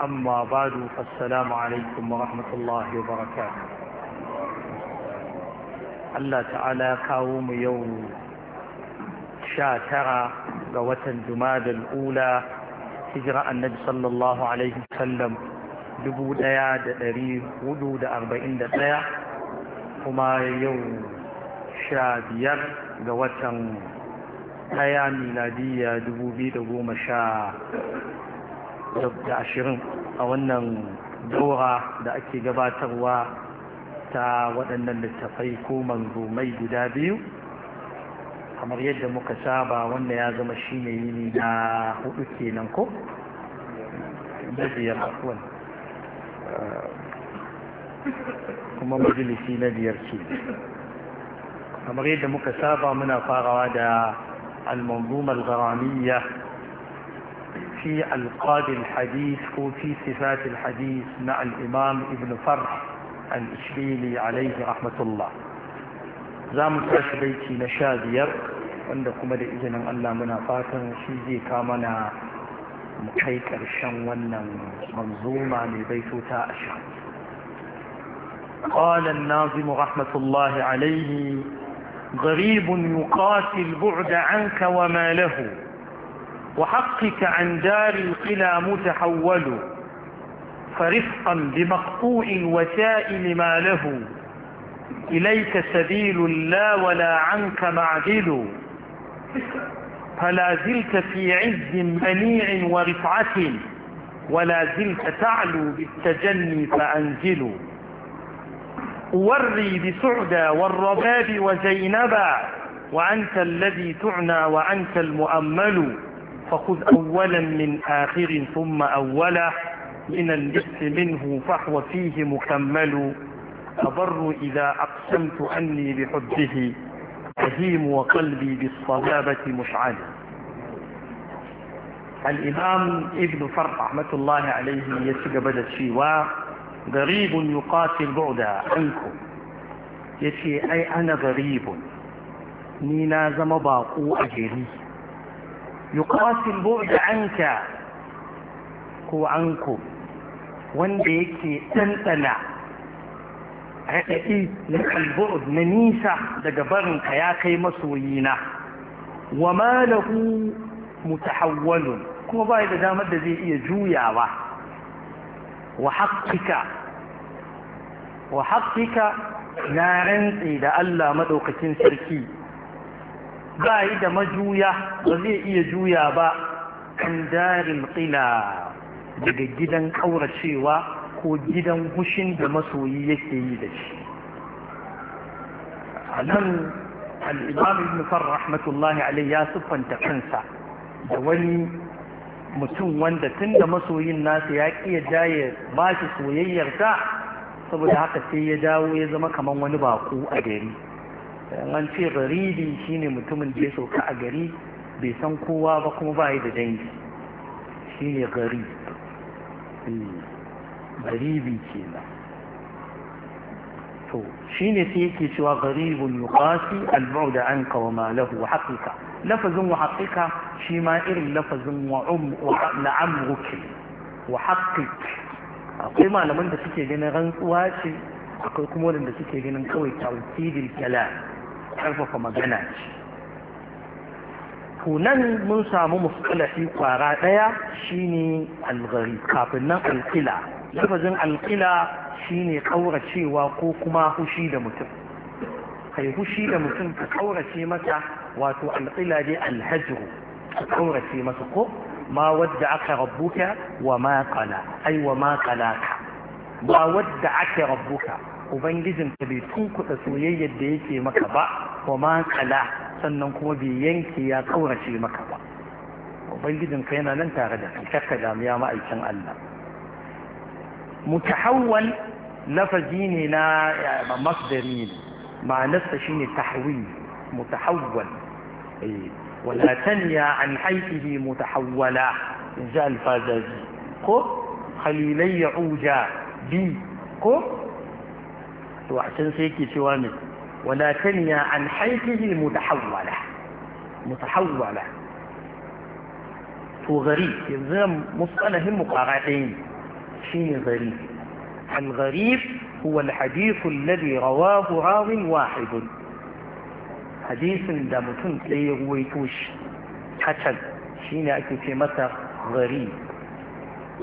أما بعد فالسلام عليكم ورحمة الله وبركاته الله تعالى قوم يوم شاترة قوة جماد الأولى هجرة النبي صلى الله عليه وسلم dubu ɗaya da ɗari hudu da arba'in da ɗaya kuma yau sha biyar ga watan ɗaya miladiyya dubu biyu da goma sha da ashirin a wannan daura da ake gabatarwa ta waɗannan littafai ko manzumai guda biyu kamar yadda muka saba wannan ya zama shi ne yini na hudu kenan ko? na biyar afuwan kuma majalisi na biyar ce kamar yadda muka saba muna farawa da al-manzumar garamiyya في ألقاب الحديث وفي صفات الحديث مع الإمام ابن فرح الإشبيلي عليه رحمة الله زام تشبيتي يرق عندكم إذن الله منافاتا شيزي كامنا kai ƙarshen wannan manzuma mai baituta a sha. قال الناظم رحمة الله عليه غريب يقاتل بعد عنك وما له وحقك عن دار القلى متحول فرفقا بمقطوع وسائل ما له إليك سبيل لا ولا عنك معدل فلا زلت في عز منيع ورفعة ولا زلت تعلو بالتجني فأنزل أوري بسعدى والرباب وزينبا وأنت الذي تعنى وأنت المؤمل فخذ أولا من آخر ثم أولا من الجس منه فهو فيه مكمل أضر إذا أقسمت أني بحبه أهيم وقلبي بالصلابة مشعل الإمام ابن فرق رحمة الله عليه يسجى بدأ شيوا غريب يقاتل بعدا عنكم يتي أي أنا غريب نينا زمباقو باقو أجري yuqasi buɗe bud ko anku wanda yake ɗanɗana raɗaɗi na al na nisa daga barinka ya kai masoyina wa ma mutahawwalun kuma ba da damar da zai iya juyawa wa haƙƙika wa haƙƙika na rantsi da Allah maɗaukakin sarki ba yi da majuya ba zai iya juya ba kan darin ƙila daga gidan ƙauracewa ko gidan gushin da masoyi yake yi da shi a nan al'imam ibn rahmatullahi alai ya siffanta kansa da wani mutum wanda tun da masoyin nasa ya ƙi yadda ya ba shi soyayyarta saboda haka sai ya dawo ya zama kamar wani baƙo a gari an ce gharibin shine mutumin da ya sauka a gari bai san kowa ba kuma ba da dangi shine gharib gharibi hmm. kenan to shine sai yake cewa gharibun yuqasi al da an wa ma lahu haqiqa lafazin wa haƙiƙa shi ma irin lafazin wa um wa la'amruk akwai malaman da suke ganin rantsuwa ce akwai kuma wanda suke ganin kawai tawkidil kalam ƙarfafa magana tunan mun samu mustalahi kwara ɗaya shine algari kafin nan alƙila lafazin alƙila shine ƙauracewa ko kuma hushi da mutum kai hushi da mutum ka ƙaurace masa wato alƙila dai alhajiru ka ƙaurace masa ko ma wadda aka rabbuka wa ma kala ai wa ma kalaka ba wadda aka rabbuka ubangijin bai tunkuɗa soyayyar da yake maka ba wa ma kala sannan kuma bai yanke ya ƙaurace maka ba ubangijin ka yana nan tare da kai kakka damuya ma'aikin Allah mutahawwal lafazi ne na masdari ne ma'anarsa shine tahwil mutahawwal ولا eh, an عن mutahawwala متحولا جاء الفازازي ko خليلي عوجا bi ko. to a can sai yake cewa ne wala tanya an haifihi mutahawwala mutahawwala to gari yanzu musalahin mu kwara ɗaya ne shine gari al gharib هو الحديث الذي رواه راو واحد حديث da mutum ɗaya ya ruwaito shi hakan shine ake ce masa gharib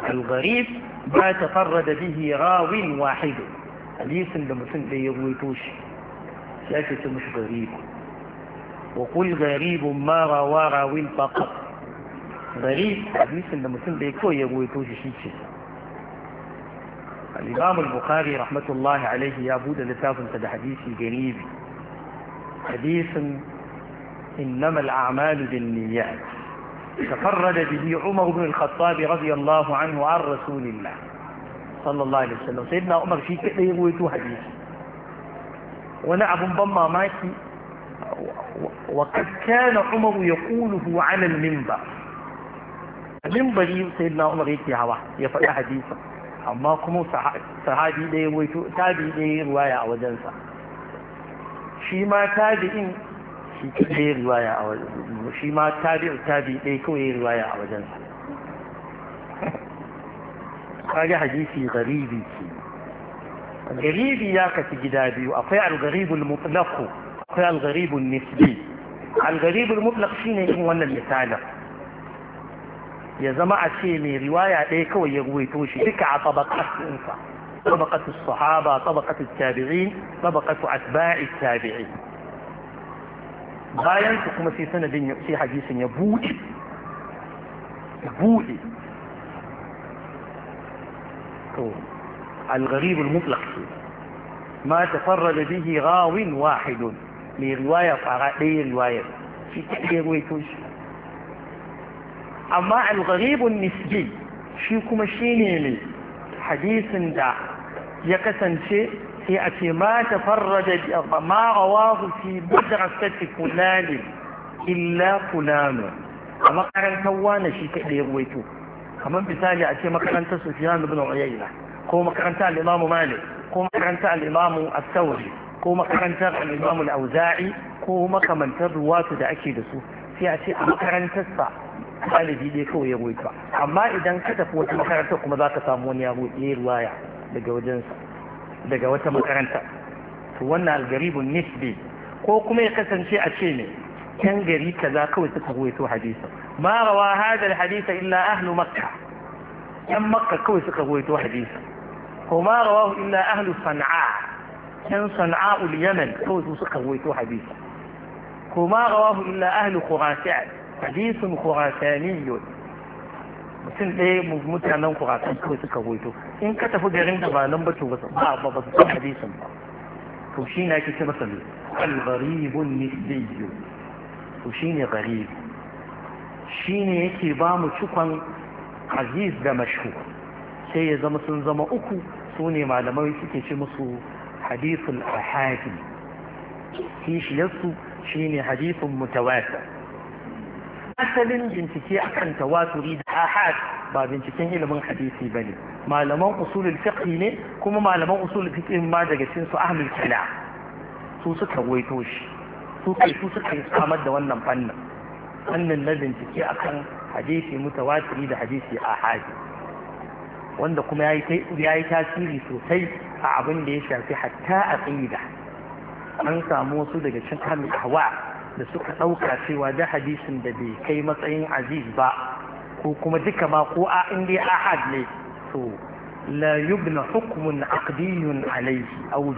al-gharib ba tafarrada bihi rawin wahid hadisin da mutum ɗaya ya ruwaito shi ya ke ce mashi garibu wa kul garibun ma rawa rawin faqat gari hadisin da mutum ɗaya kawai ya ruwaito shi shi ce al-imam al-bukhari rahmatullahi alaihi ya bude littafinsa da hadisi garibi hadisin إنما الأعمال بالنيات تفرد به عمر بن الخطاب رضي الله عنه عن رسول الله sallallahu alaihi wasallam sai na umar shi kaɗai ya ruwaito hadisi wani abun ban mamaki وقد كان عمر يقوله على المنبر المنبر سيدنا عمر يكي هوا يفعل حديثا أما كم صحابي دي ويتو تابي دي رواية أو جنسة شيما تابعين شي دي رواية أو شيما تابع تابي دي كوي رواية أو جنسة قال حديثي غريب غريب ياك في تجدادي وأطيع الغريب المطلق أطيع الغريب النسبي الغريب المطلق فينا يكون أن المثال يا زماعة شيء رواية عليك ويقوي توشي بك على طبقة الأنفع طبقة الصحابة طبقة التابعين طبقة أتباع التابعين غاية في سنة في حديث يبوئي يبوئي المكروه الغريب المطلق ما تفرد به غاو واحد لرواية فرعي رواية في كل ويتوش أما الغريب النسبي في كما شيني يعني؟ حديث دا يكسن شيء في أتي ما تفرد ما رواه في مدرسة فلان إلا فلان أما قرن كوانا في كل ويتوش kamar misali a ce makarantar sufiyan ibn Uyayna ko makarantar al-Imam Malik ko makarantar al-Imam As-Sawri ko makarantar al-Imam al awzai ko makamantar ruwatu da ake da su sai a ce a sa ɗalibi dai kawai ya ruwaita amma idan ka tafi wata makarantar kuma za ka samu wani ya ruwaya daga wajensa daga wata makaranta to wannan algaribun nisbi ko kuma ya kasance a ce ne yan gari kaza kawai suka to hadisi ما روى هذا الحديث إلا أهل مكة كم مكة كوي سكهوية وحديثة وما رواه إلا أهل صنعاء كم صنعاء اليمن كوي سكهوية وحديثة وما رواه إلا أهل خراسان حديث خراساني مثل إيه مجموط عنهم خراسع إن كتبوا جرين دبا لنبتوا بس بعض بس حديثا فوشينا كتبا الغريب النسبي فوشيني غريب shi ne yake ba mu cikon aziz da mashu sai ya zama sun zama uku su ne malamai suke ci musu hadithul ahadi kishiyarsu shine hadithun mutawatir asalin bincike a kan tawaturi da ahad ba binciken ilimin hadisi ba ne, malaman usulul fiqh ne kuma malaman usulul fiqh ma daga cikin su ahlul kala su suka waito shi su kai su suka samar da wannan fannin annan na bincike kan hadisi mutawatiri da hadisi a haji wanda kuma ya yi tasiri sosai a abin da ya shafi hatta a tsida an samu wasu daga cin hawa da suka ɗauka cewa da hadisin da bai kai matsayin aziz ba ko kuma duka ma ko a inda ahad ne to la yubna hukumun aqdiyun alaihi aw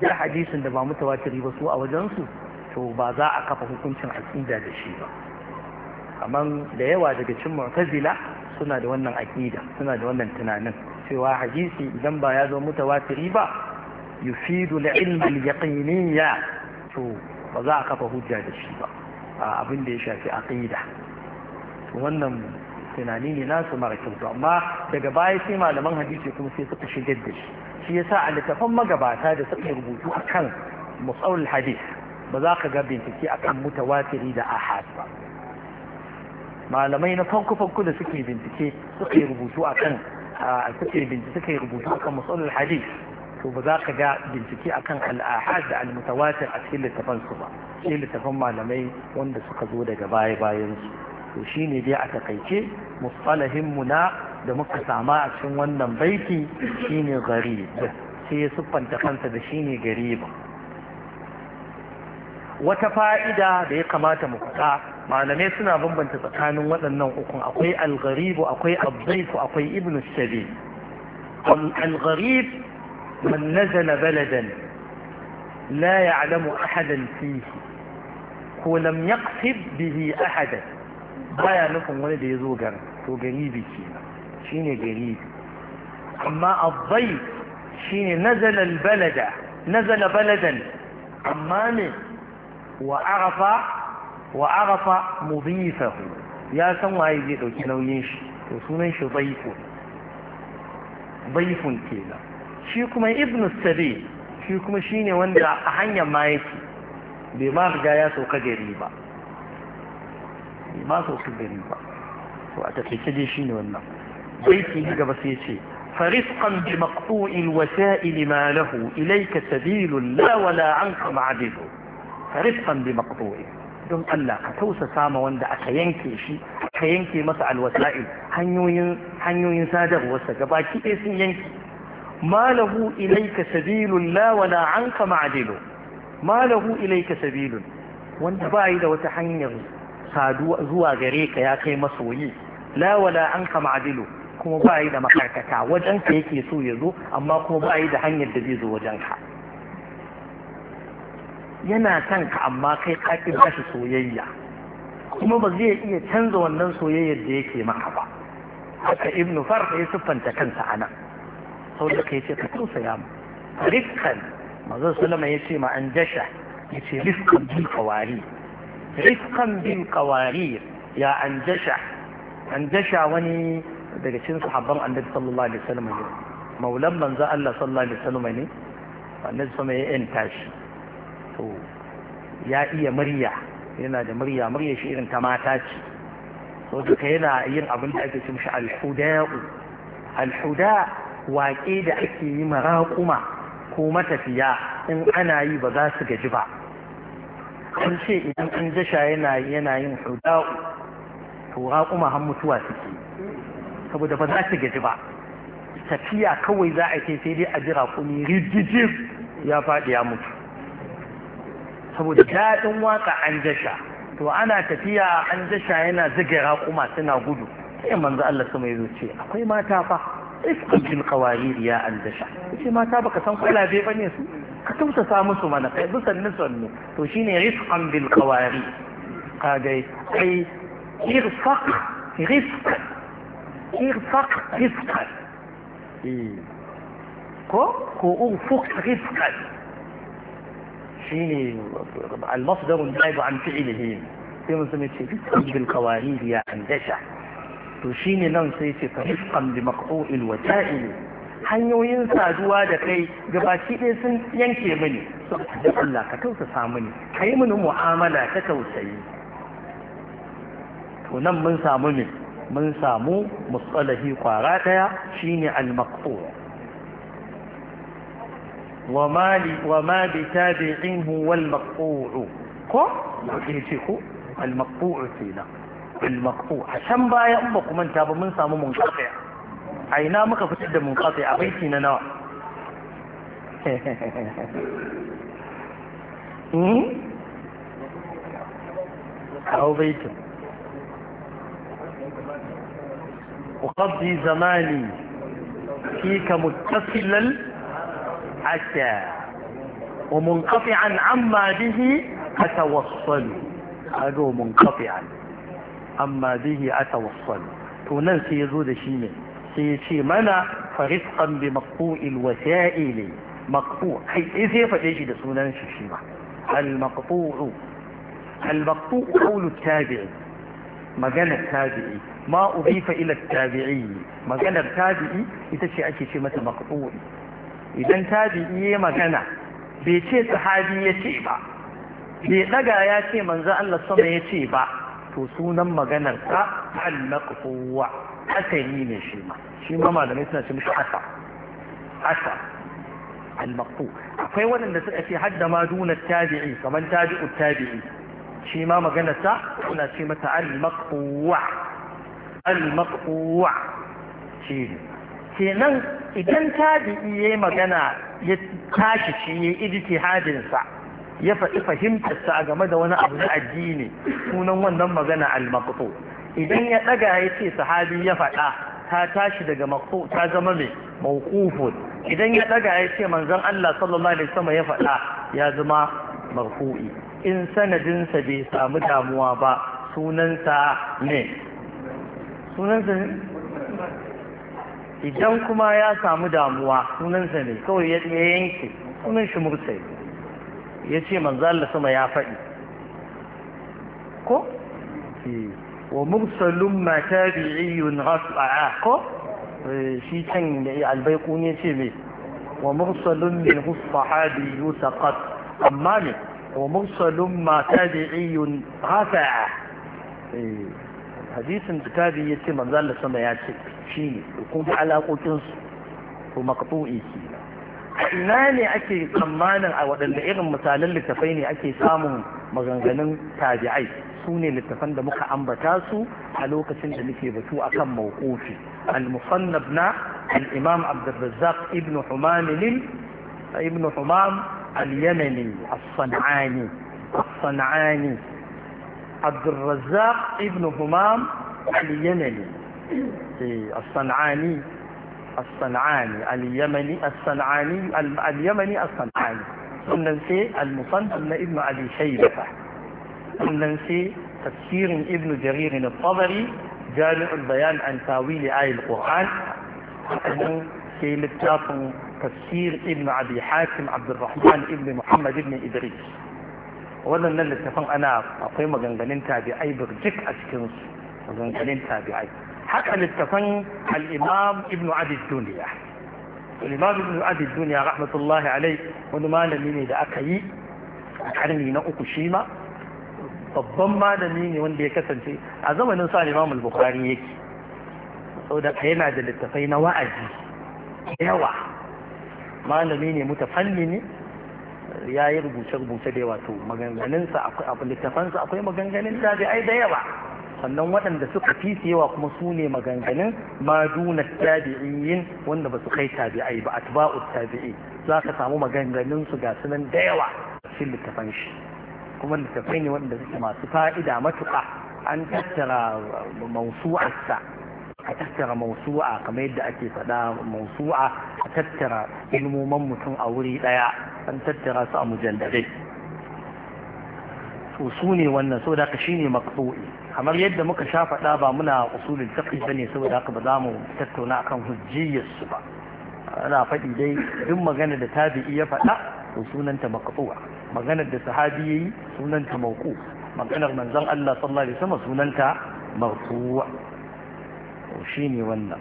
da hadisin da ba mutawatiri ba su a wajensu to ba za a kafa hukuncin aƙida da shi ba amma da yawa daga cin mu'tazila suna da wannan aƙida suna da wannan tunanin cewa hadisi idan ba ya zo wasiri ba yufidu al al-yaqiniyya to ba za a kafa hujja da shi ba a abin da ya shafi aƙida wannan tunani ne nasu mara kyau amma daga baya sai malaman hadisi kuma sai suka shigar da shi shi yasa a littafan magabata da suka rubutu akan musawul hadis. ba za ka ga bincike akan mutawatiri da ahad ba malamai na farko-farko da suke bincike suke rubutu akan suke bincike suke rubutu akan matsalar hadis to ba za ka ga bincike akan al'ahad da al a cikin littafan su ba shi littafan malamai wanda suka zo daga baya bayan su to shi ne dai a takaice mustalahin mu na da muka sama a cikin wannan baiti shine gharib sai ya siffanta kansa da shine ba. wata fa'ida da ya kamata mu faɗa malamai suna bambanta tsakanin waɗannan ukun akwai algaribu akwai abdaifu akwai ibn shabi algarib man nazala baladan la ya'lamu ahadan fihi ko lam yaqsid bihi ahadan baya nufin wani da ya zo garin to gani garibi kenan shine gani. amma abdaif shine nazala balada nazala baladan amma ne wa arafa wa arafa mudhifahu ya san waye zai ɗauki nauyin shi to sunan shi dhaifu dhaifun kenan shi kuma ibn sabi shi kuma shine wanda a hanyar ma yake bai ma riga ya sauka gari ba bai ma sauka gari ba to a tafiye dai shine wannan gaba sai ce فرفقا بمقطوع الوسائل ما له إليك سبيل لا ولا عنك rifan bi don Allah ka tausasa ma wanda aka yanke shi ka yanke masa alwasa'il hanyoyin hanyoyin sadarwarsa gabaki ɗaya sun yanke malahu ilaika sabilun la wala anka ma'dilu malahu ilaika sabilun wanda ba da wata hanyar saduwa zuwa gare ka ya kai masoyi la wala anka ma'dilu kuma ba da makarkata wajenka yake so ya zo amma kuma ba da hanyar da zai zo wajenka yana son ka amma kai ka ba shi soyayya kuma ba zai iya canza wannan soyayyar da yake maka ba haka ibn farka ya siffanta kansa ana sau da kai ce ka tausaya mu rifkan mazan sulama ya ce ma an jasha ya ce rifkan bin kawari rifkan bin kawari ya an jasha an jasha wani daga cikin sahabban annabi sallallahu alaihi wasallam ne maulan manzo Allah sallallahu alaihi wasallam ne wannan sama ya yanta shi to ya iya murya yana da murya murya shi irin ta mata ce so duka yana yin abin da ake cimshi alhuda'u alhuda waƙe da ake yi maraƙuma ko matafiya in ana yi ba za su gaji ba an ce idan an jasha yana yin huda'u to raƙuma har mutuwa suke saboda ba za su gaji ba tafiya kawai za a ke sai dai a jira kuni rigijin ya faɗi ya mutu saboda daɗin waka an jasha to ana tafiya an jasha yana zage raƙuma suna gudu sai manzo Allah sama yazo ce akwai mata fa isqil qawarir ya an jasha ce mata baka san kwalabe bane su ka tausasa musu mana kai bu sannu sannu to shine rizqan bil qawari kaga ai irfaq rizq irfaq rizqan eh. ko ko urfaq rizqan شيني المصدر النائب عن فعله في مسلم بالقوانين يا هندسة تشيني سي سي فرفقا بمقطوع الوسائل hanyoyin saduwa da kai gabaki ɗaya sun yanke mini da Allah ka tausasa mini ka yi mini mu'amala ta tausayi to nan mun samu mun samu musalahi kwara ɗaya shine al-maqtu' وما, لي وما بتابعين هو المقطوع كو يجيكو المقطوع فينا المقطوع عشان بايا أمك من تابع من سامو منقطع عينا مكا فتد منقطع بيتنا نوع أو بيت وقضي زماني فيك متصلا أتى ومنقطعا عما به أتوصل هذا منقطعا عما به أتوصل تونان سيزود شيء سيشي منا فرفقا بمقطوع الوسائل مقطوع حيث يفتشي لسونان شيما المقطوع المقطوع قول التابع مجال التابعي ما أضيف إلى التابعي مجال التابعي يتشي أكي شيء مقطوع idan tabi'i ya magana bai ce sahabi ya ce ba bai daga ya ce manzo Allah sama ya ce ba to sunan maganar ka al-maqfuwa asali ne shi ma shi ma malamai suna ce mishi asa asa al akwai waɗanda suka ce hadda ma duna tabi'i kamar tabi'u tabi'i shi ma maganar sa suna ce mata al-maqfuwa shi ne kenan idan tabi'i yayi magana ya tashi shi ya ijtihadin sa ya faɗi fahimtarsa a game da wani abu na addini sunan wannan magana al-maqtu idan ya daga ya ce sahabi ya faɗa ta tashi daga maqtu ta zama mai mawqufun idan ya daga ya ce manzon Allah sallallahu alaihi wasallam ya faɗa ya zama marfu'i in sanadinsa bai samu damuwa ba sunansa ne sunansa idan kuma ya samu damuwa sunansa ne kawai ya yanke sunan shi murtai ya ce manzala sama ya faɗi ko? Eh, wa mursalun mata bi'iyun rafa'a ko? Eh, shi can albaiku ne ce mai wa mursalun min husfaha biyu saqat amma ne wa mursalun mata bi'iyun rafa'a eh. hadisin da tabi ya ce manzo Allah sama ya ce shi ne kun alaƙoƙin su to maqtu'i a ina ne ake tsammanin a waɗanda irin misalan littafai ne ake samun maganganun tabi'ai su ne littafan da muka ambata su a lokacin da muke batu akan mawqufi al na al-imam Abdurrazzaq ibn Humam ibn Humam al-Yamani as-San'ani as-San'ani عبد الرزاق ابن همام اليمني الصنعاني الصنعاني اليمني الصنعاني اليمني الصنعاني ثم ننسي المصنف ابن ابي شيبه ثم ننسي تفسير ابن جرير الطبري جامع البيان عن تاويل اي القرآن في كتاب تفسير ابن أبي حاتم عبد الرحمن ابن محمد ابن إدريس waɗannan littafan ana akwai maganganun tabi'ai birjik a cikinsu maganganun tabi'ai haka littafan al'imam ibn adid duniya al'imam ibn adid duniya rahmatullahi alai wani malami ne da aka yi a karni na uku shi ma babban malami ne wanda ya kasance a zamanin sa al'imam al-bukhari yake saboda yana da littafai na wa'azi yawa malami ne mutafanni ne ya yi rubuce-rubuce da yawa to maganganunsa akwai littafansa akwai maganganun tabi'ai da yawa sannan waɗanda suka fi su yawa kuma su ne maganganun maduna tabi'in wanda ba su kai tabi'ai ba atba'u tabi'i za ka samu maganganun su ga sunan da yawa cikin littafan shi kuma littafai ne waɗanda suke masu fa'ida matuƙa an tattara mausu'arsa a tattara mausu'a kamar yadda ake faɗa mausu'a a tattara ilmoman mutum a wuri ɗaya an tattara su a mujalladai to su ne wannan saboda ka shine maqtu'i kamar yadda muka sha faɗa ba muna usulin fiqh bane saboda haka ba za mu tattauna akan hujjiyar su ba ana faɗi dai duk magana da tabi'i ya faɗa to sunanta maqtu'a maganar da sahabi yayi sunanta mawqu maganar manzon Allah sallallahu alaihi wasallam sunanta marfu'a shi ne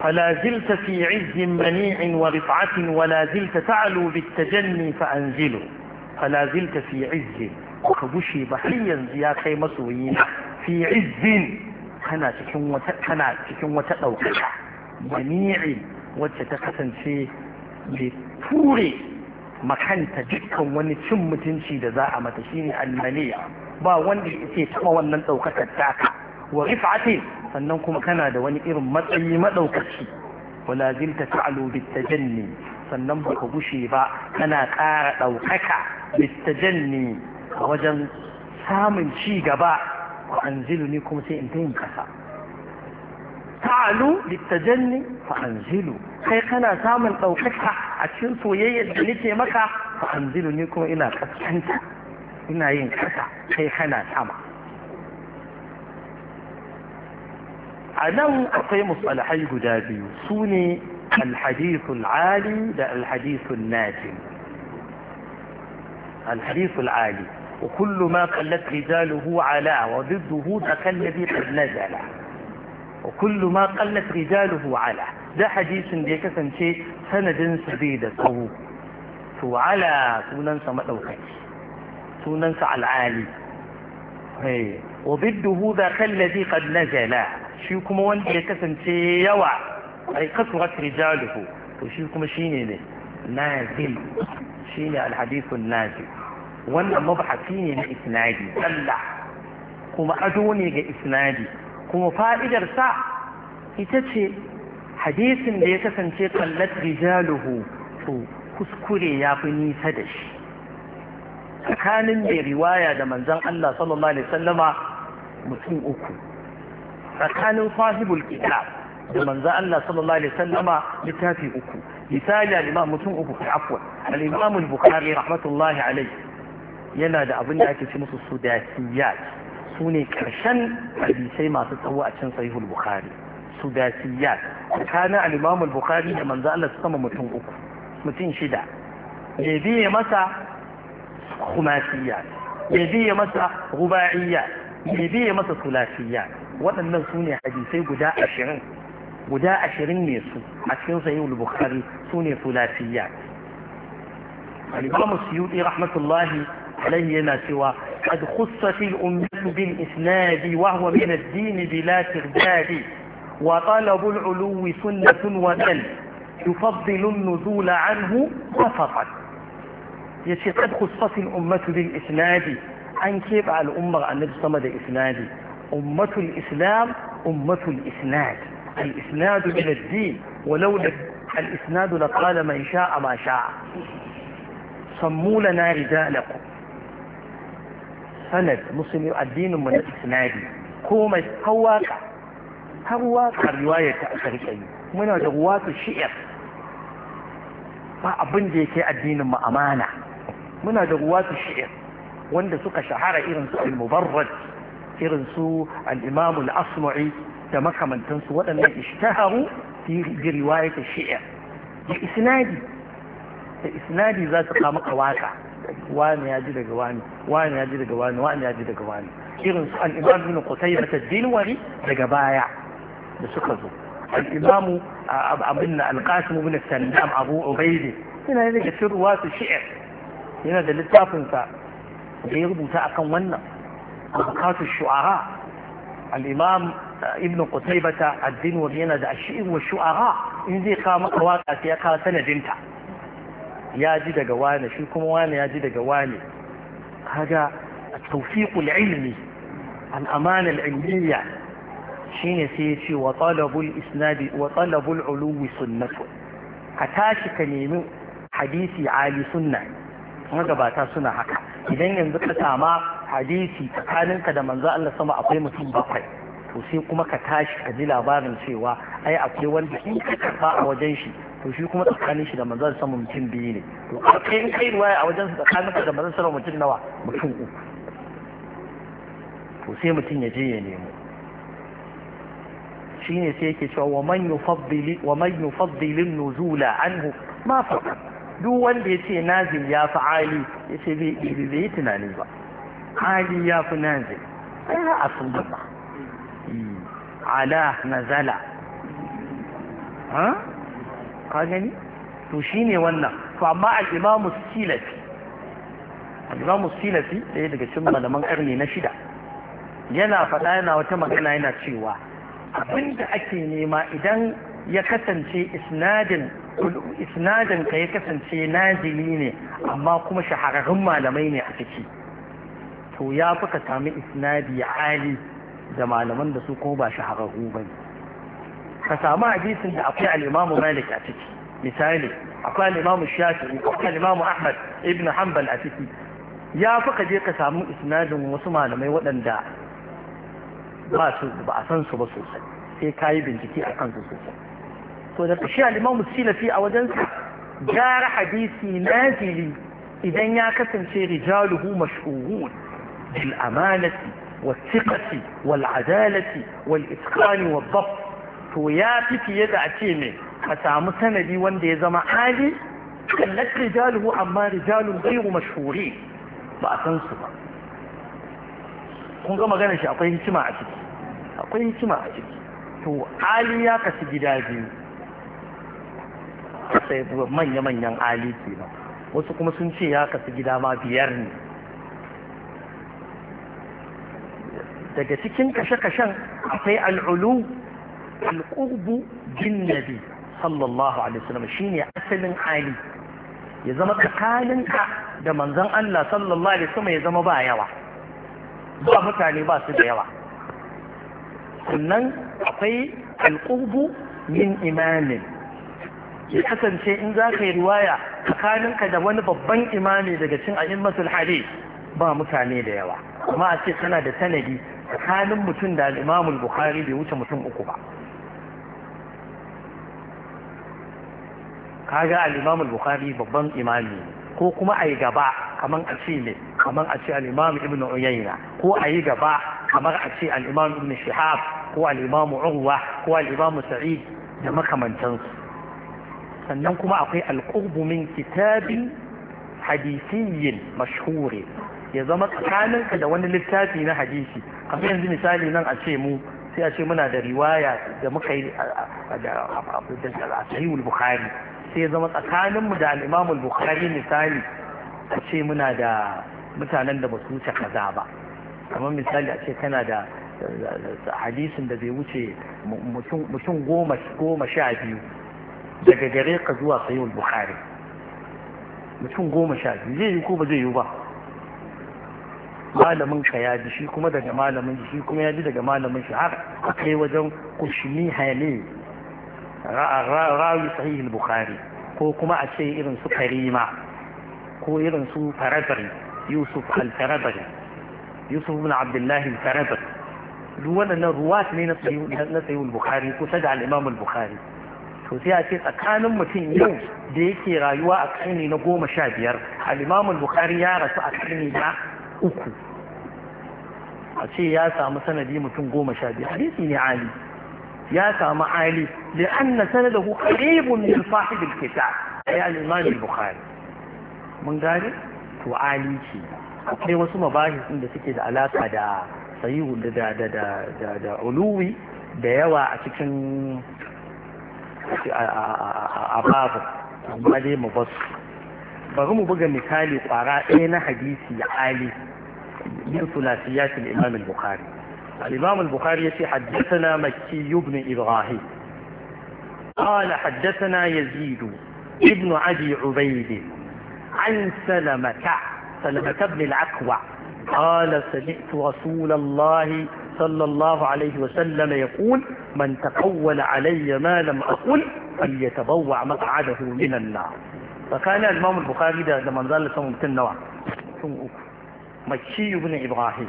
فلا زلت في عز منيع ورفعة ولا زلت تعلو بالتجني فأنزله فلا زلت في عز وكبشي بحيا يا كي مسويين في عز كان تكون وتأكنا تكون وتأوكا منيع وتتقسن في بطور مكان تجكا ونتشم تنشي دزاعة متشيني المنيع با وندي تسمى ونن أوكا تاكا wa rif'atin sannan kuma kana da wani irin matsayi madaukaci wala zilta ta'alu bitajanni sannan baka gushe ba kana ƙara ɗaukaka bitajanni a wajen samun ci gaba wa anzilu ni kuma sai in ta yin kasa ta'alu bitajanni fa anzilu kai kana samun ɗaukaka a cikin soyayyar da nake maka fa anzilu ni kuma ina kaskanta ina yin kasa kai kana sama عنو أقيم الصلاة حيث دابي سوني الحديث العالي ده الحديث الناجم الحديث العالي وكل ما قلت رجاله على وضده الذي قد نزل وكل ما قلت رجاله على ده حديث دي شيء سند سديد سو على سوننس مدوخش سوننس على العالي Eh, wa bidduhu za kallazi qad nazala shi kuma wanda ya kasance yawa ai kasurat rijaluhu to shi kuma shine ne nazil shine alhadithun nazil wannan mabhasi ne na isnadi tsalla kuma ado ne ga isnadi kuma fa'idarsa ita ce hadisin da ya kasance kallat rijaluhu to kuskure ya fi nisa da shi tsakanin mai riwaya da manzan Allah sallallahu alaihi sallama mutum uku tsakanin sahibul kitab da manzan Allah sallallahu alaihi sallama littafi uku misali al mutum uku kai afwan al-imam al-bukhari rahmatullahi alaihi yana da abin da ake ce musu sudasiyat su ne karshen hadisai masu tsawo a cikin sahihul bukhari sudasiyat tsakanin al-imam al-bukhari da manzan Allah sama mutum uku mutum shida ya biye masa خماسيات ya biye masa ruba'iyya ya biye masa sulasiya waɗannan su ne hadisai guda ashirin guda ashirin ne su a cikin sahihul bukhari su ne sulasiya al-imam suyuti rahmatullahi alaihi yana cewa qad khussa fi al-ummah bil isnad wa huwa min ad-din bila tirdad wa talab al-ulwi sunnatun wa dal يفضل النزول عنه وفقط يتي قد خصص الأمة بالإسناد عن كيف على الأمة أن annabi إسناد أمة الإسلام أمة الإسناد الإسناد من الدين ولو الإسناد لقال من شاء ما شاء صموا لنا رجالكم سند مسلم الدين من الإسناد كوما هواك هواك الرواية تأثر شيء من رواة الشعر ما أبن ديكي الدين ما أمانة muna da ruwatu shi'ir wanda suka shahara irin su al-mubarrad irin su al-imam al-asma'i da makamantansu waɗannan ishtaharu fi bi riwayat shi'ir da isnadi da isnadi za su kama kawaka wani ya ji daga wani wani ya ji daga wani wani ya ji daga wani irin su al-imam ibn qutaybah ad-dinwari daga baya da suka zo al-imam abin al-qasim ibn sandam abu ubaidi suna daga cikin ruwatu shi'ir yana da littafinsa da ya rubuta akan wannan bukatu shu'ara al-imam eh, ibn qutaybah ad-din wa yana da ashir wa shu'ara in zai kawo maka waka sai ya kawo sanadinta ya ji daga wani shi kuma wani ya ji daga wani kaga التوفيق العلمي الأمانة العلمية شين سيتي وطلب الإسناد وطلب ka tashi ka nemi hadisi عالي سنة magabata suna haka idan yanzu ka sama hadisi tsakaninka da manzo Allah sama akwai mutum bakwai to sai kuma ka tashi ka ji labarin cewa ai akwai wanda in ka tafa a wajen shi to shi kuma tsakanin shi da manzo Allah sama mutum biyu ne to kai in kai ruwaya a wajen tsakaninka da manzo Allah mutum nawa mutum uku to sai mutum ya je ya nemo shine sai yake cewa wa man yufaddili wa man yufaddili nuzula anhu ma faqat duk wanda ya ce nazir ya fi ali ya ce bai yi tunani ba ali ya fi nazir, ai na asu ba hmm. ala nazala ha ka gani to shi ne wannan to amma al silafi al silafi ɗaya daga cikin malaman karni na shida yana faɗa yana wata magana yana cewa abinda ake nema idan ya kasance isnadin isnadin ka ya kasance nazili ne amma kuma shahararrun malamai ne a ciki to ya fi ka sami isnadi ali da malaman da su kuma ba shahararru ba ne ka samu hadisin da akwai al'imamu malik a ciki misali akwai al'imamu shafi'i akwai al'imamu ahmad ibn hanbal a ciki ya fi ka je ka samu isnadin wasu malamai waɗanda ba su ba a san su ba sosai sai ka yi bincike a kansu sosai كده الشيء اللي مو مسكينة فيه أولا جار حديثي نازلي إذا يا كتن شي رجاله مشهورون بالأمانة والثقة والعدالة والإتقان والضبط هو يا بيتي يدع تيمي حتى عمسنا لي وان دي زما حالي كان لك رجاله أما رجال غير مشهورين بقى تنصبه kun gama ganin shi akwai hikima a ciki akwai hikima a ciki to hali ya sai manya-manyan ali kenan wasu kuma sun ce ya kasu gida ma biyar ne daga cikin kashe-kashen akwai al'ulu al'urbu bin nabi sallallahu alaihi wasallam shine asalin ali ya zama tsakaninka da manzon Allah sallallahu alaihi wasallam ya zama ba yawa ba mutane ba su da yawa sannan akwai al'urbu min imanin. ya kasance in za ka yi riwaya tsakaninka da wani babban imami daga cin masu hadith ba mutane da yawa amma a ce kana da sanadi tsakanin mutum da imamun bukhari bai wuce mutum uku ba kaga al-imamul bukhari babban imami ko kuma ayi gaba kaman a ce ne kaman a ce al-imam ibnu uyayna ko ayi gaba kamar a ce al-imam ibnu shihab ko al-imam urwa ko al sa'id da makamantansu sannan kuma akwai alƙurbu min kitabin hadisiyyin mashhuri ya zama tsakaninka da wani littafi na hadisi kamar yanzu misali nan a ce mu sai a ce muna da riwaya da muka yi a sahihul bukhari sai ya zama tsakaninmu da al'imamul bukhari misali a ce muna da mutanen da ba su wuce kaza ba kamar misali a ce kana da hadisin da zai wuce mutum goma sha biyu daga gare ka zuwa sayin bukhari mutum goma sha biyu zai yi ko ba zai yi ba malamin ka ya ji shi kuma daga malamin shi kuma ya ji daga malamin shi har a kai wajen kushini hale rawi sahihin bukhari ko kuma a ce irin su karima ko irin su farabari yusuf al-farabari yusuf Ibn abdullahi al-farabari duk waɗannan ruwat ne na sayi bukhari kusa da al-imam al-bukhari to sai a ce tsakanin mutum yau da yake rayuwa a karni na goma sha biyar al'imamun bukari ya rasu a karni na uku a ce ya samu sanadi mutum goma sha biyar hadisi ne ali ya samu ali da an na ku karibun min sahibul kitab a yi alimamun bukari? mun gane to ali ce akwai wasu mabahis da suke da alaka da sayi da da da uluwi da yawa a cikin a babu amma dai mu basu bari mu buga misali kwara ɗaya na hadisi ya ali من ثلاثيات الإمام البخاري الإمام البخاري يتي حدثنا مكي بن إبراهيم قال حدثنا يزيد ابن عدي عبيد عن سلمة سلمة بن العكوى قال سمعت رسول الله صلى الله عليه وسلم يقول من تقول علي ما لم أقل يتبوع مقعده من النار فكان الإمام البخاري ده لما زال سمم نوع مكي بن إبراهيم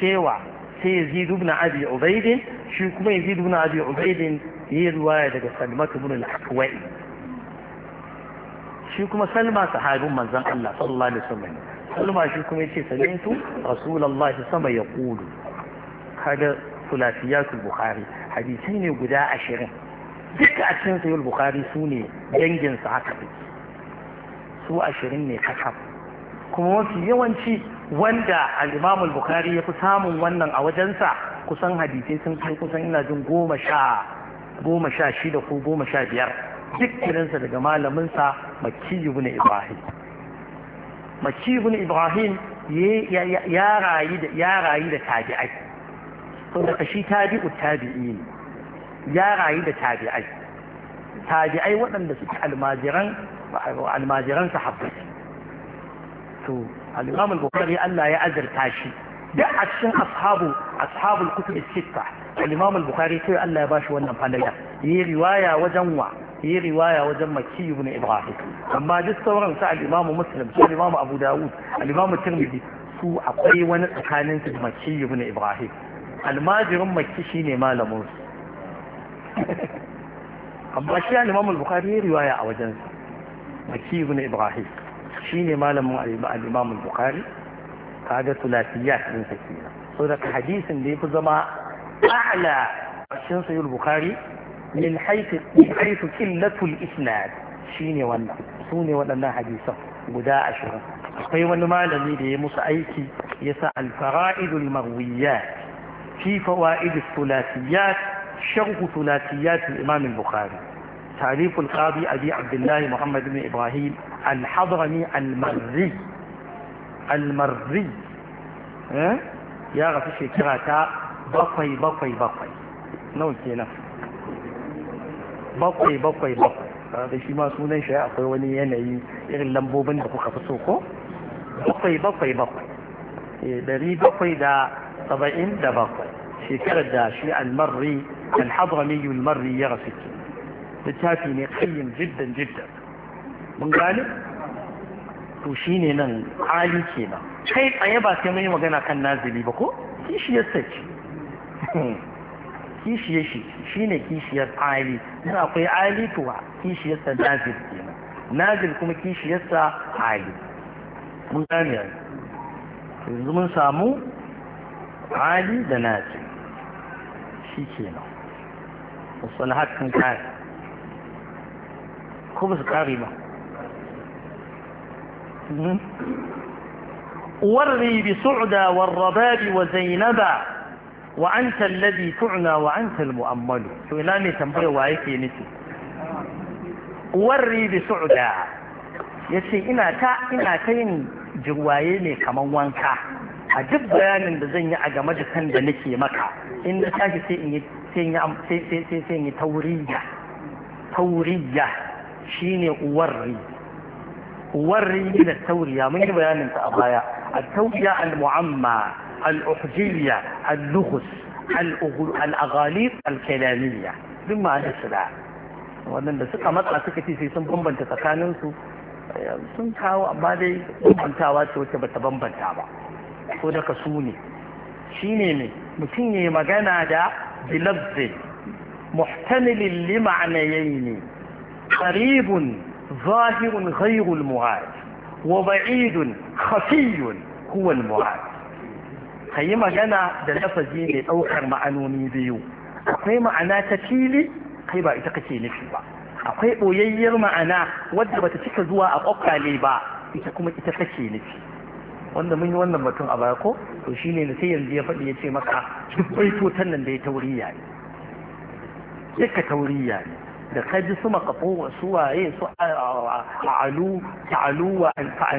سيوع سيزيد بن أبي عبيد شيكما يزيد بن أبي عبيد هي رواية ده سلمة بن الحكوائي شيكما سلمة صحابي من زال الله صلى الله عليه وسلم سلمة شيكما يتي سمعت رسول الله صلى الله عليه وسلم يقول kaga sulasiyatul bukhari hadisai ne guda ashirin duka a cikin sayul bukhari su ne danginsa haka su ashirin ne kakaf kuma mafi yawanci wanda al'imamul bukhari ya fi samun wannan a wajensa kusan hadisai sun kai kusan ina jin goma sha shida ko goma sha biyar dukkaninsa daga malaminsa makki ibn ibrahim makki ibn ibrahim ya rayu da tabi'ai sau da shi tabi'u tabi'in ya rayu da tabi'ai tabi'ai waɗanda suke almajiran almajiran sahabbai to al-imam al-bukhari Allah ya azurta shi da a cikin ashabu ashabul kutub as-sittah al-imam al-bukhari sai Allah ya bashi wannan falala yi riwaya wajen wa yi riwaya wajen maki ibn ibrahim amma duk sauran sa al-imam muslim su al-imam abu dawud al-imam tirmidhi su akwai wani tsakanin su da maki ibn ibrahim almajirin makki ne malamin amma shi al al-bukhari ya riwaya a wajen makki ibn ibrahim shi ne malamin al al-bukhari kaga sulasiyat din sa kenan saboda hadisin da yafi zama a'la cikin sahih bukhari min haythu min haythu qillatul isnad shine wannan ne waɗannan hadisan guda ashirin akwai wani malami da ya musu aiki ya sa alfara'idul marwiyat في فوائد الثلاثيات شرح ثلاثيات الإمام البخاري تعريف القاضي أبي عبد الله محمد بن إبراهيم الحضرمي المري المري أه؟ يا غفي شكرة بقي بقي بقي نو كينا بقي بقي بقي هذا شيء ما سونا شيء أقوى وني يعني إغل لمبوبن بقى في السوق بقي بقي بقي دري بقي ده saba'in da bakwai shekarar da shi almarri alhadrami almarri ya rasu littafi ne kayyin jiddan jiddan mun gane shi ne nan hali kenan kai tsaye ba sai magana kan nazili ba ko kishiyar sace kishiyar shi shi kishiyar ali in akwai ali to kishiyarsa nazil kenan nazil kuma kishiyarsa ali mun samu ali da nafi shi ke nan wasu na kare ko ba su kare ba وري بسعدى والرباب وزينبا وأنت الذي تعنى وأنت المؤمل سؤالاني تنبيه وايكي نتي وري ya yace ina ta ina ta yin jirwaye ne kaman wanka a duk bayanin da zan yi a game da kan da nake maka in na tashi sai in yi sai yi tauriya tauriya shine Uwar uwarri da tauriya mun yi bayanin ta a baya a tauriya al-mu'amma al-uhjiyya al-lughus al-aghalib al-kalamiyya duk ma'anar su da waɗanda suka matsa suka ce sai sun bambanta tsakaninsu sun kawo amma dai bambantawa ce wacce bata bambanta ba ko daga su ne shi ne ne mutum ya magana da bilabzi muhtamilin lima'anayai ne qaribun zahirun ghairul muhaj wa ba'idun khafiyun huwa muhaj kayi magana da lafazi mai ɗaukar ma'anoni biyu akwai ma'ana ta fili kai ba ita kake nufi ba akwai ɓoyayyar ma'ana wadda bata cika zuwa a ƙwaƙwale ba ita kuma ita kake nufi wanda mun yi wannan batun a baya ko to shine ne sai yanzu ya faɗi ya ce maka duk baitotan nan da ya tauriya ne ka tauriya ne da ka ji su makafo su waye su alu alu wa ta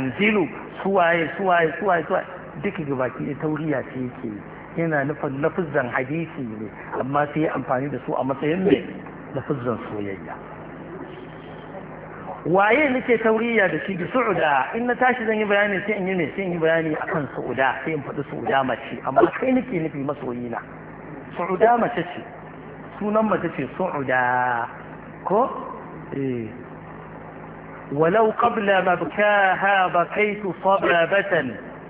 su waye su waye su waye su ya gabaki da tauriya ce yake yana nufin lafizan hadisi ne amma sai amfani da su a matsayin mai lafizan soyayya waye nake tauriya da shi da su'uda in na tashi zan yi bayani sai in yi ne sai in yi bayani akan su'uda sai in faɗi su'uda mace amma kai nake nufi masoyina su'uda mace ce sunan mace ce su'uda ko eh ولو قبل مبكاها بكيت صبابة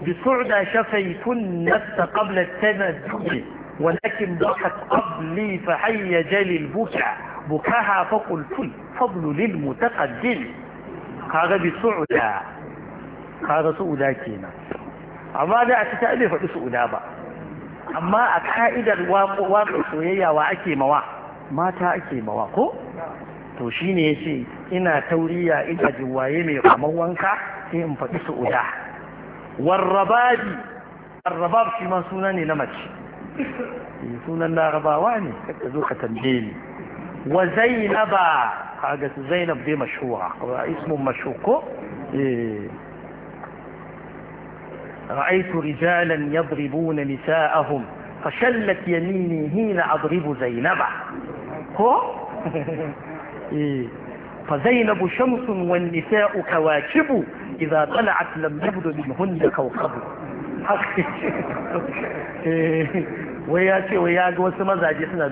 بسعدى شفيت النفس قبل التمدد ولكن بكت قبلي فحي جلي البكع بكاها فقلت الفضل للمتقدم kaga bi su'uda kaga su'uda kenan amma da a ta bai faɗi su'uda ba amma a ƙa'idar waƙo soyayyawa ake mawa mata ake mawa ko to shine yace ina tauriya ina waye mai kamar wanka sai in faɗi su'uda warrababi warrabab shi suna ne na mace sunan larabawa ne ka zo ka tambaye ni وزينبا حاجة زينب دي مشهورة اسم مشهور إيه رأيت رجالا يضربون نساءهم فشلت يميني حين أضرب زينبا هو إيه فزينب شمس والنساء كواكب إذا طلعت لم يبد منهن كوكب ويا إيه. وياك wai ya ga wasu mazaje suna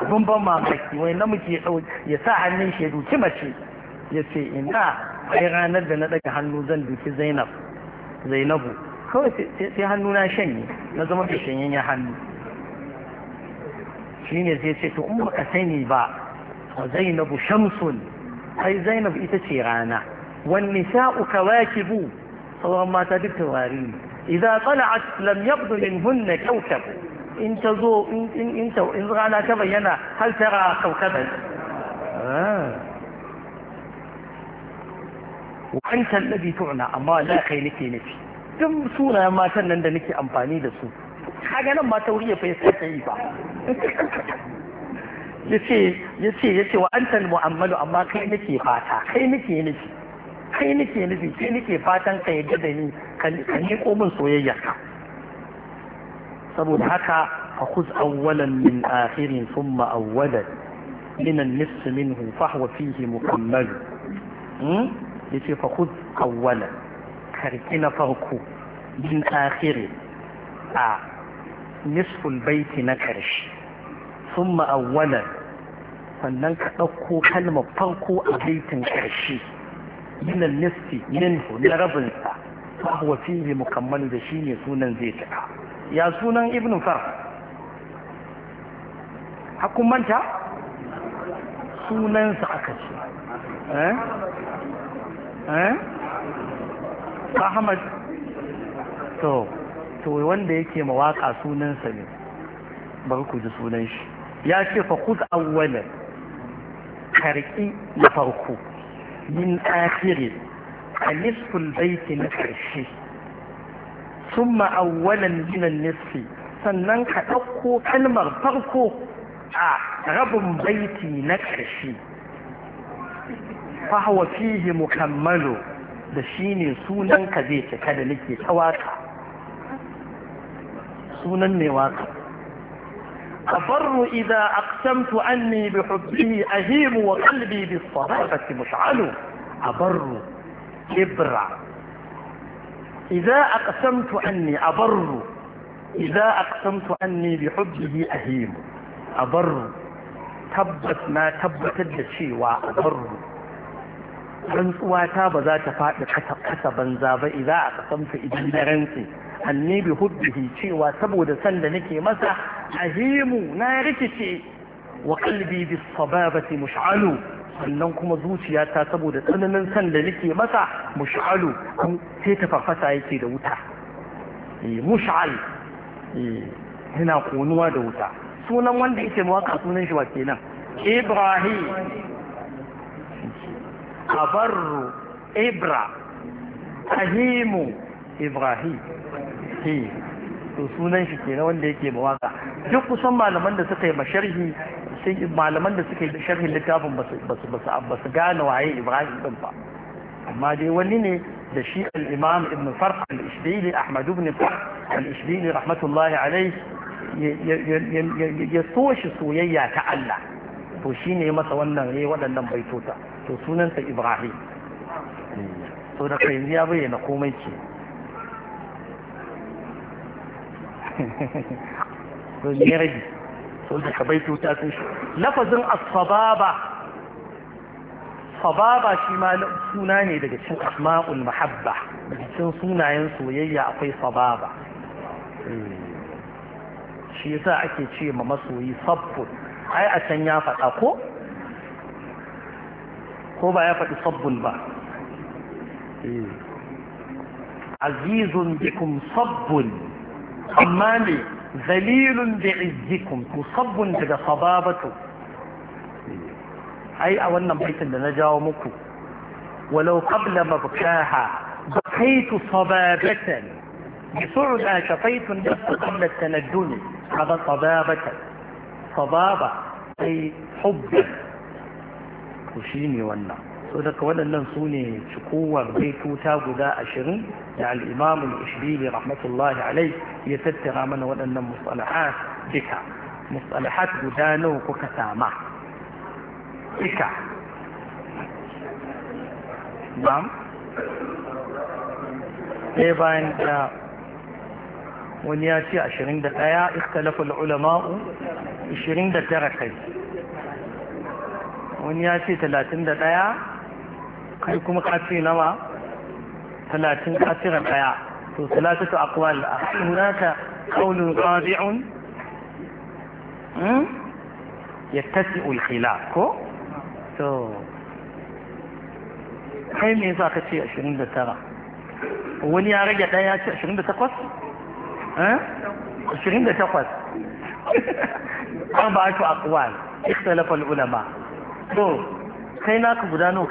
abin ban mamaki wai namiji ya ɗau ya sa hannun shi ya duki mace ya ce ina ai ranar da na ɗaga hannu zan duki zainab zainabu kawai sai hannu na shanye na zama da shanyen ya hannu shi ne zai ce to in baka sani ba zainabu shamsun ai zainab ita ce rana wani sha'u kawakibu sauran mata duk taurari ne idan tsala'at lam yabdu minhunna kyautabu in ta zo in rana ta bayyana hal tara kaukabar wancan ɗabi tuna amma na kai nake nufi duk sunayen matan nan da nake amfani da su kaga nan ma tauriya fa yasa ta yi ba yace yace yace wa antal mu'ammalu amma kai nake fata kai nake nufi kai nake nufi kai nake fatan ka yadda da ni ka ne min soyayyarka saboda haka fa khuz awwalan min akhirin thumma awwalan min an-nisf minhu fa huwa fihi mukammal hmm? yace fa khuz awwalan karki na farko min akhiri a nisful baiti na karshe thumma awwalan sannan ka ɗauko kalmar farko a baitin karshe min an-nisfi minhu na rabinsa fa huwa fihi mukammal da shine sunan zai cika ya sunan ibn far hakun manta sunansa aka ce eh? Eh? ahmad to to wanda yake mawaka sunansa ne bari ku ji sunan shi ya ce fa khud awwalan karki na farko min akhiri a nisful na karshe ثم أولا من النصف sannan ka ɗauko kalmar farko a rabin baiti na ƙarshe fahawa fihi mukammalo da shi ne sunan ka zai cika da nake ta waka sunan ne waka أفر إذا أقسمت أني بحبه أهيم وقلبي بالصداقة مشعل أبر إبرة إذا أقسمت ا أبر إذا أقسمت م بحبه أهيم أبر تبت ما تبت ا وأبر ش ي و أ ب ر رنسواتا بذات ف رنسي أ بحبه ش ي و أ ب و د مسا أ ه وقلبي بالصبابة ا مشعلو sannan kuma zuciya ta saboda tsananin san da nake masa mush'alu sai ta farfasa yake da wuta eh, mush'al eh, yana konuwa da wuta sunan wanda yake mawaka sunan shi ba kenan ibrahim abarru ibra ahimu ibrahim eh. to sunan shi ke na wanda yake mawaka duk kusan malaman da suka yi masharhi sai malaman da suka yi sharhin littafin ba su gane waye Ibrahim din ba amma dai wani ne da shi al-Imam Ibn Farq al-Ishbili Ahmad ibn Farq al-Ishbili rahmatullahi alayhi ya so shi soyayya ta Allah to shine masa wannan yayi waɗannan baitota to sunansa Ibrahim to da kai ya bayyana komai ce rage da kabai tuta sun shi lafazin asfababa sababa shi ma suna ne daga cin asma'ul mahabba daga cin sunayen soyayya akwai sababa hmm. shi yasa ake ce ma masoyi sabbun ai a can ya faɗa ko ko ba ya faɗi sabbun ba hmm. azizun bikum sabbun أمامي ذليل بعزكم تصب تجا صبابة أي أولا بيت أن نجاومك ولو قبل مبكاها بقيت صبابة بسعدا شفيت نفس قبل التندن هذا صبابة صبابة أي حب وشيني والنعم so daga waɗannan su ne cikowar baituta guda ashirin da al'imamun ishbili rahmatullahi alai ya tattara mana waɗannan musalahat duka musalahat guda nawa kuka sama duka ba ɗaya bayan da wani ya ce ashirin da ɗaya ikhtalafin ulama'u ashirin da tara kai wani ya ce talatin da ɗaya kai kuma ka nawa talatin ka cire ɗaya to talatatu aqwal hunaka qawlun qadi'un hmm yattasi'u al-khilaf ko to kai me yasa ka ce 29 wani ya rage daya ce 28 eh 28 arba'atu aqwal ikhtalafa al-ulama to kai naka guda nawa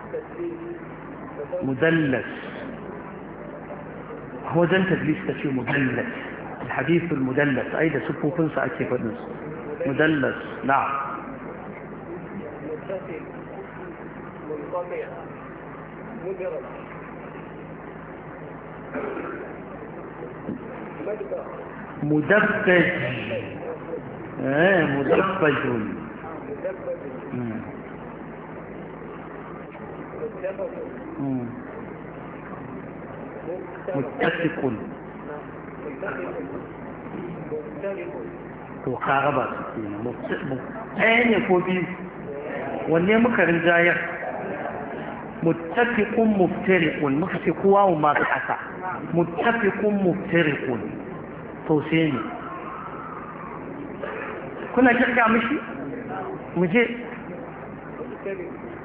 مدلس هو ده التدليس ده مدلس الحديث المدلس أي ده سبو فنسا أكي فنس مدلس نعم مدرج مدبج آه مدبج مدبج متفق to ka raba su ke ɗaya ne ko biyu wanne muka rinjayar muttafiqun muftarikun muka ce kowa mu ma ƙasa muttafiqun muftarikun to sai ne kuna kirga mishi mu je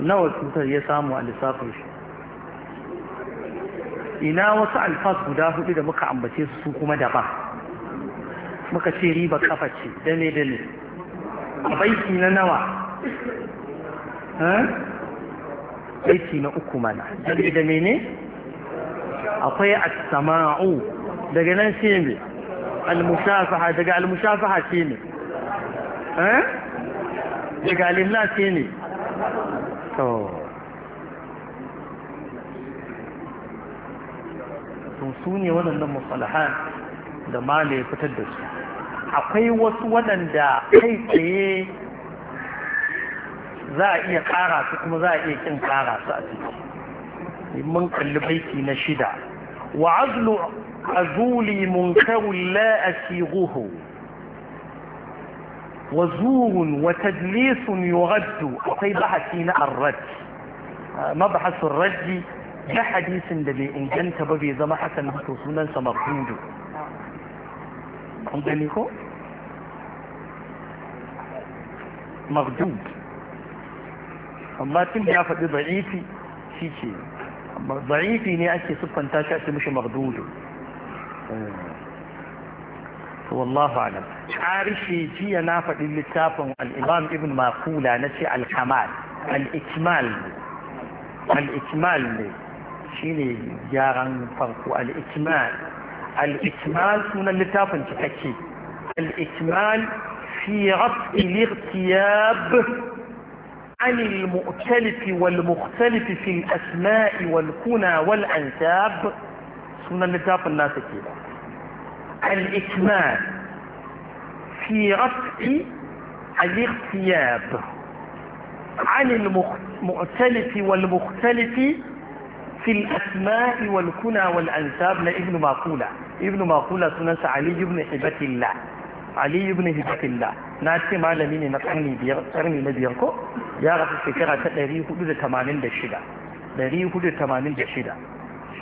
nawa cutar ya samu a lissafin shi ina wasu alfas guda hudu da muka ambace su su kuma daban muka ce riba kafa ce dane dane a baiki na nawa baiki na uku mana dane da ne akwai at-sama'u daga nan sai ne al-mushafaha daga al-mushafaha sai ne eh daga ce ne to su ne waɗannan musalahan da mala ya fitar da su akwai wasu waɗanda kai tsaye za a iya ƙara su kuma za a iya kin ƙara su a ciki mun kalli baiti na shida wa azlu azuli munkarun la ruhu. وزور وتدليس يرد أي بحث هنا الرد ما بحث الرد لا حديث دلي إن جنت ببي زمحة حسن بكو سنن سمرهود أمدنيكو مردود أما تم يافة ضعيفي فيكي ضعيفي ني أكي سبقا تاشا سمش مردود والله أعلم عارشي جي نافع للتاب الإمام ابن ماقولة نسي الكمال الإكمال الإكمال شيني جاران فرق الإكمال الإكمال من اللتاب تحكي الإكمال في رفع الاغتياب عن المؤتلف والمختلف في الأسماء والكنى والأنساب سنة اللتاب الناس كده الإكمال في رفع الاغتياب عن المختلف والمختلف في الأسماء والكنى والأنساب لابن ماقولة ابن ماقولة سننسى علي بن حبة الله علي بن حبة الله ناتي ما لمن نقرني بيرني نبيركو يا رب الشكرة تدري حدود تمانين دشدة دري حدود تمانين دشدة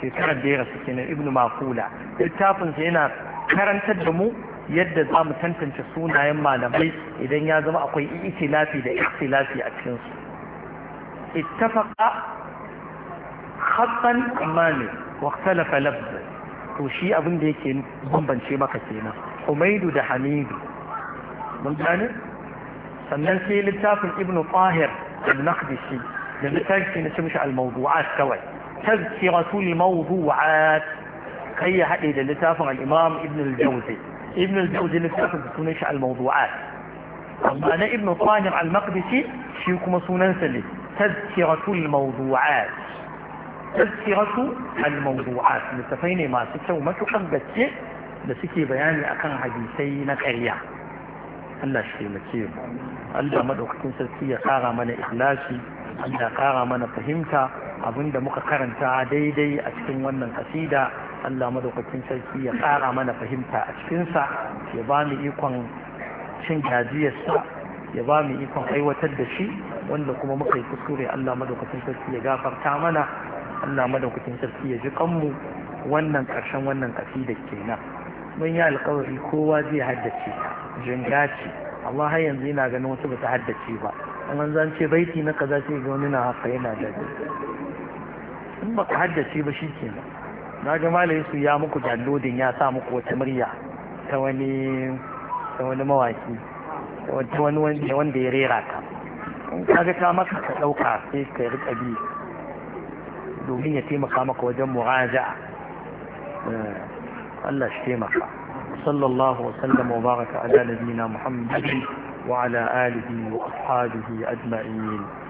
شكرة ديرة سكينة ابن ماقولة التافن سينا karantar da mu yadda za mu tantance sunayen malamai idan ya zama akwai itilafi da ikhtilafi a cikin su ittafaqa khattan amani wa ikhtalafa lafz to shi abin da yake bambance maka kenan Umaidu da Hamidu mun gane sannan sai littafin ibnu tahir al-Naqdishi da littafin da na shi al-mawdu'at kawai tazkiratu al-mawdu'at kai ya haɗe da littafin al'imam ibn al-jawzi ibn al-jawzi littafin da sunan shi al-mawdu'at amma na ibn tahir al-maqdisi shi kuma sunansa ne tazkiratul mawdu'at tazkiratu al-mawdu'at littafai ne masu kyau matukan gaske da suke bayani akan hadisai na ƙarya Allah shi taimake Allah madaukakin sarki ya kara mana ikhlasi Allah ya kara mana fahimta abinda muka karanta daidai a cikin wannan kasida Allah madaukakin sarki ya ƙara mana fahimta a cikinsa ya ba mu ikon cin gajiyarsa ya ba mu ikon aiwatar da shi wanda kuma muka yi kuskure Allah madaukakin sarki ya gafarta mana Allah madaukakin sarki ya ji kanmu wannan ƙarshen wannan ke kenan mun yi alƙawari kowa zai haddace jinga ce amma har yanzu ina ganin wasu ba ta haddace ba an zan ce baiti na kaza sai ga wani na haka yana da in ba ka haddace ba shi kenan na ga malayin su ya muku downloading ya sa muku wata murya ta wani ta wani mawaki ta wani wanda ya rera ka ka ga ta maka ka ɗauka sai ka riƙa bi domin ya taimaka maka wajen muraja eh, Allah shi taimaka sallallahu wa sallam wa baraka ala nabiyina muhammadin wa ala alihi wa ashabihi ajma'in